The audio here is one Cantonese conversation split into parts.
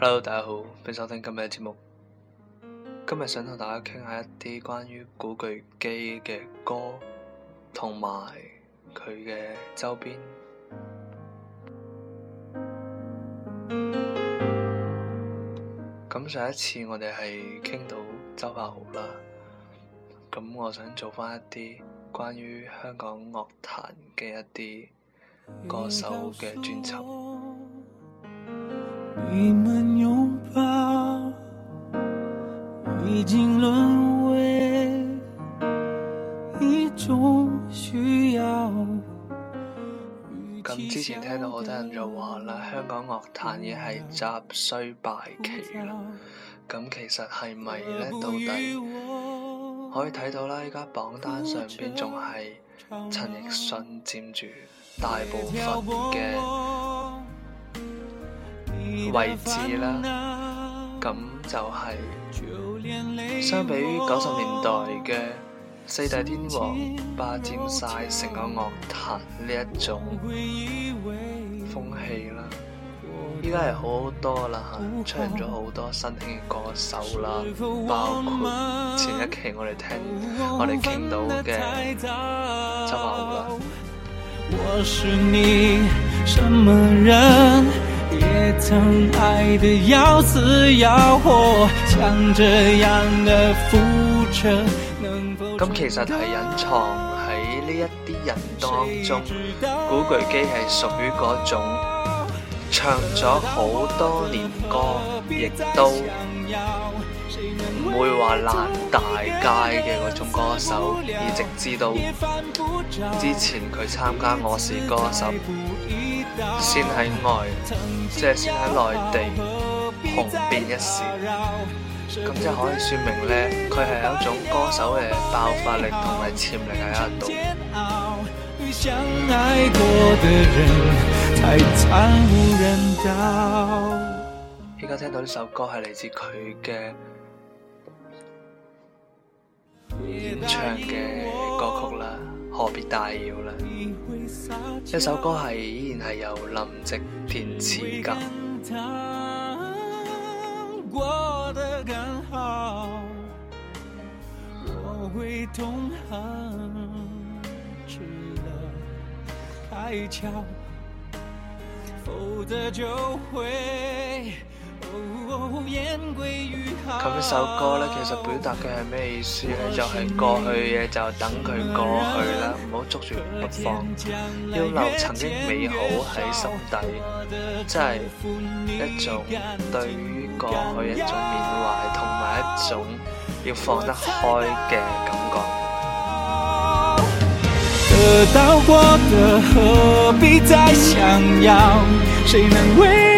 Hello，大家好，歡迎收聽今日嘅節目。今日想同大家傾下一啲關於古巨基嘅歌，同埋佢嘅周邊。咁上一次我哋係傾到周柏豪啦，咁我想做翻一啲關於香港樂壇嘅一啲歌手嘅專輯。咁之前聽到好多人就話啦，香港樂壇已經係集衰敗期啦。咁其實係咪咧？到底可以睇到啦？依家榜單上邊仲係陳奕迅佔住大部分嘅位置啦，咁就係相比於九十年代嘅四大天王霸佔晒成個樂壇呢一種風氣啦，依家係好多啦吓，出現咗好多新興嘅歌手啦，包括前一期我哋聽我哋傾到嘅周柏豪。 咁其實係隱藏喺呢一啲人當中，古巨基係屬於嗰種唱咗好多年歌，亦都唔會話爛大街嘅嗰種歌手，以直至到之前佢參加《我是歌手》。先喺外，即係先喺內地紅遍一時，咁即係可以說明咧，佢係有一種歌手嘅爆發力同埋潛力喺一度。依家聽到呢首歌係嚟自佢嘅演唱嘅歌曲啦，何必大擾咧？一首歌係依然係由林夕填詞咁。 咁呢首歌咧，其實表達嘅係咩意思咧想？就係過去嘅就等佢過去啦，唔好捉住不放，遠遠遠要留曾經美好喺心底，即係一種對於過去一種緬懷，同埋一種要放得開嘅感覺。猜到得到過的何必再想要？誰能為？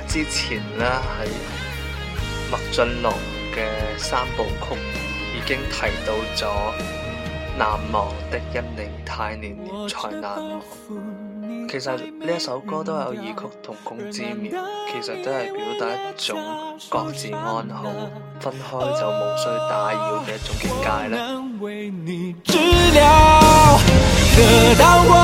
一之前呢，喺麥浚龍嘅三部曲已經提到咗難忘的一年，太年年才難忘。其實呢一首歌都有異曲同工之妙，其實都係表達一種各自安好、分開就無需打擾嘅一種境界咧。得到我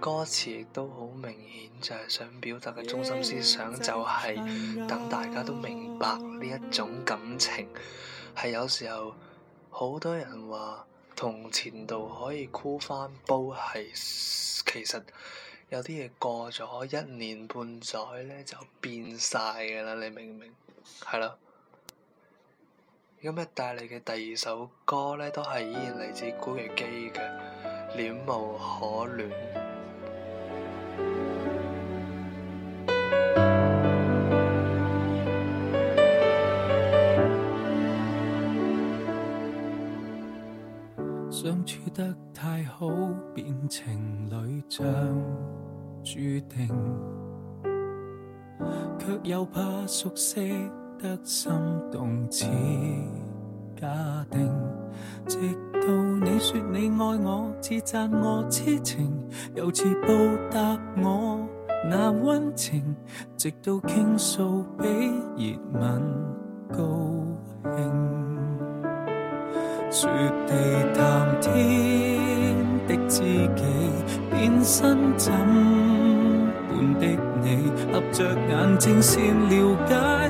歌詞都好明顯，就係想表達嘅中心思想就係等大家都明白呢一種感情，係有時候好多人話同前度可以箍翻煲，係其實有啲嘢過咗一年半載咧就變晒㗎啦，你明唔明？係囉，今日帶嚟嘅第二首歌咧都係依然嚟自古巨基嘅《戀無可戀》。相處得太好，變情侶像注定，卻又怕熟悉得心動止。也定，直到你說你愛我，似讚我癡情，又似報答我那溫情，直到傾訴比熱吻高興。雪地談天的知己，變身枕畔的你，合着眼睛先了解。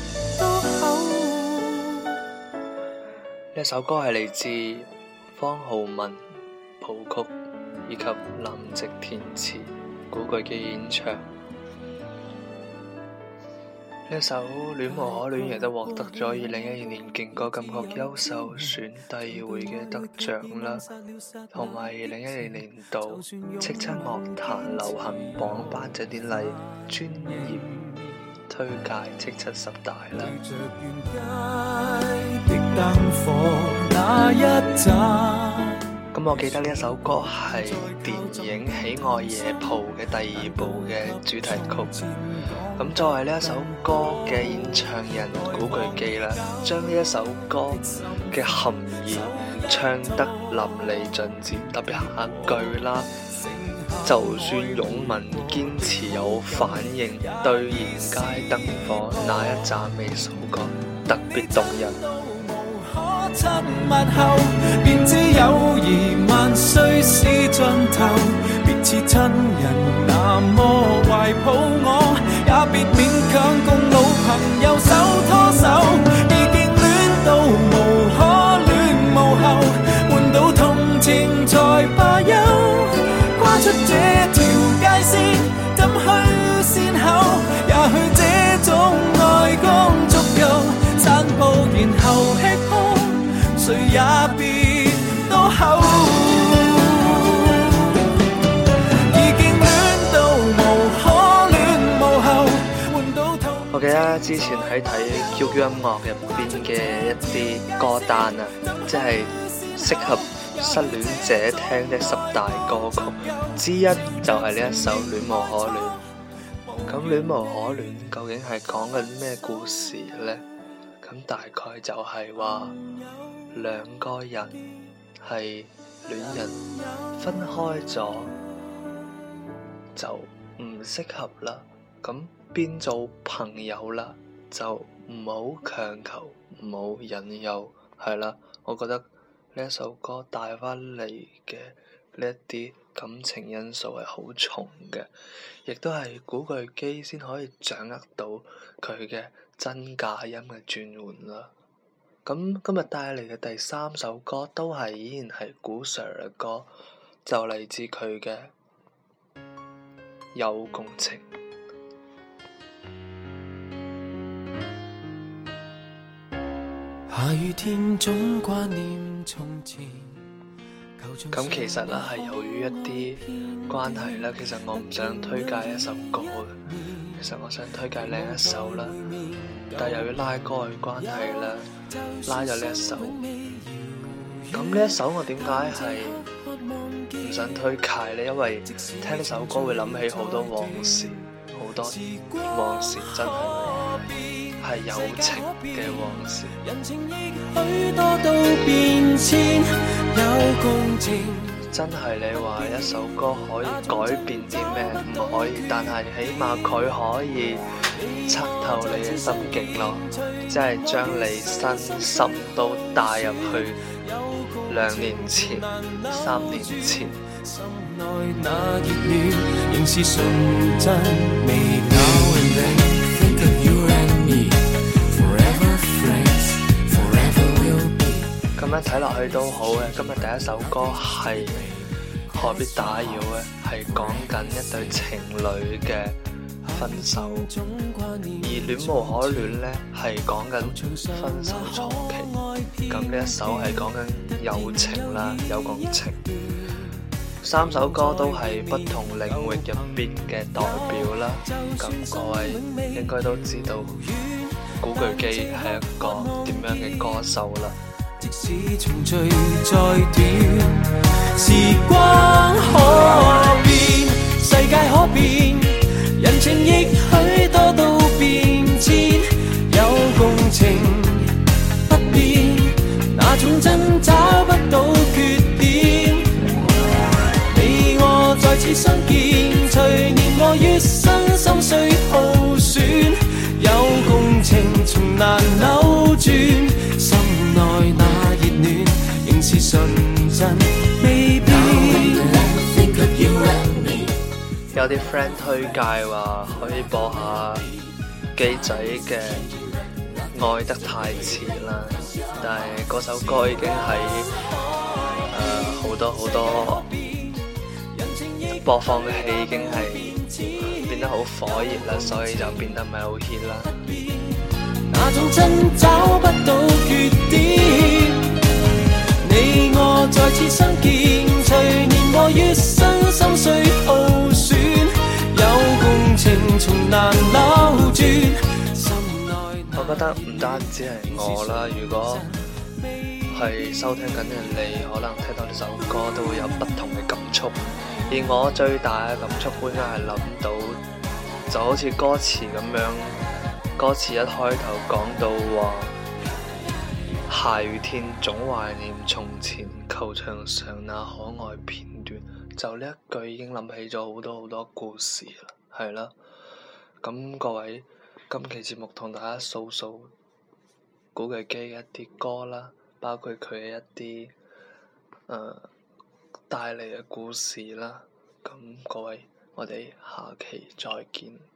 呢首歌係嚟自方浩文譜曲以及林夕填詞，古巨基演唱。呢 首《戀無可戀》亦都獲得咗二零一二年勁歌金曲優秀選第二回嘅得獎啦，同埋二零一二年度叱咤樂壇流行榜頒獎典禮專業。推介叱咤十大啦。咁 我記得呢一首歌係電影《喜愛夜蒲》嘅第二部嘅主題曲。咁 作為呢一首歌嘅演唱人 古巨基啦，將呢一首歌嘅含義，唱得淋漓盡致，特別下一句啦，就算勇民堅持有反應，對沿街燈火那一盞未數過，特別動人。我記得之前喺睇 QQ 音樂入邊嘅一啲歌單啊，即係適合失戀者聽的十大歌曲之一就係呢一首《戀無可戀》。咁《戀無可戀》究竟係講緊咩故事呢？咁大概就係話。兩個人係戀人，分開咗就唔適合啦。咁變做朋友啦，就唔好強求，唔好引誘，係啦。我覺得呢一首歌帶翻嚟嘅呢一啲感情因素係好重嘅，亦都係古巨基先可以掌握到佢嘅真假音嘅轉換啦。咁今日帶嚟嘅第三首歌都係依然係古 Sir 嘅歌，就嚟自佢嘅《友共情》。下雨天，總掛念從前。 咁其實啦，係由於一啲關係啦，其實我唔想推介一首歌嘅，其實我想推介另一首啦，但係又要拉歌嘅關係啦，拉咗呢一首。咁呢一首我點解係唔想推介呢？因為聽呢首歌會諗起好多往事，好多往事真係係友情嘅往事。 真係你話一首歌可以改變啲咩？唔可以，但係起碼佢可以測透你嘅心境咯，即係將你身心都帶入去兩年前、三年前。睇落去都好嘅，今日第一首歌係《何必打擾》呢，係講緊一對情侶嘅分手；而《戀無可戀》呢係講緊分手初期。咁呢一首係講緊友情啦，有共情。三首歌都係不同領域入邊嘅代表啦。咁各位應該都知道古巨基係一個點樣嘅歌手啦。是重聚再短，時光可變，世界可變，人情亦許多都變遷。有共情不變，那種真找不到缺點。你我再次相有啲 friend 推介話可以播下基仔嘅《愛得太遲》啦，但係嗰首歌已經係、呃、好多好多播放嘅戲已經係變得好火熱啦，所以就變得唔係好 hit 啦。覺得唔單止係我啦。如果係收聽緊嘅你，可能聽到呢首歌都會有不同嘅感觸。而我最大嘅感觸，本身係諗到就好似歌詞咁樣，歌詞一開頭講到話，下雨天總懷念從前球場上那可愛片段，就呢一句已經諗起咗好多好多故事啦，係啦。咁各位。今期節目同大家數數古巨基嘅一啲歌啦，包括佢嘅一啲誒帶嚟嘅故事啦。咁各位，我哋下期再見。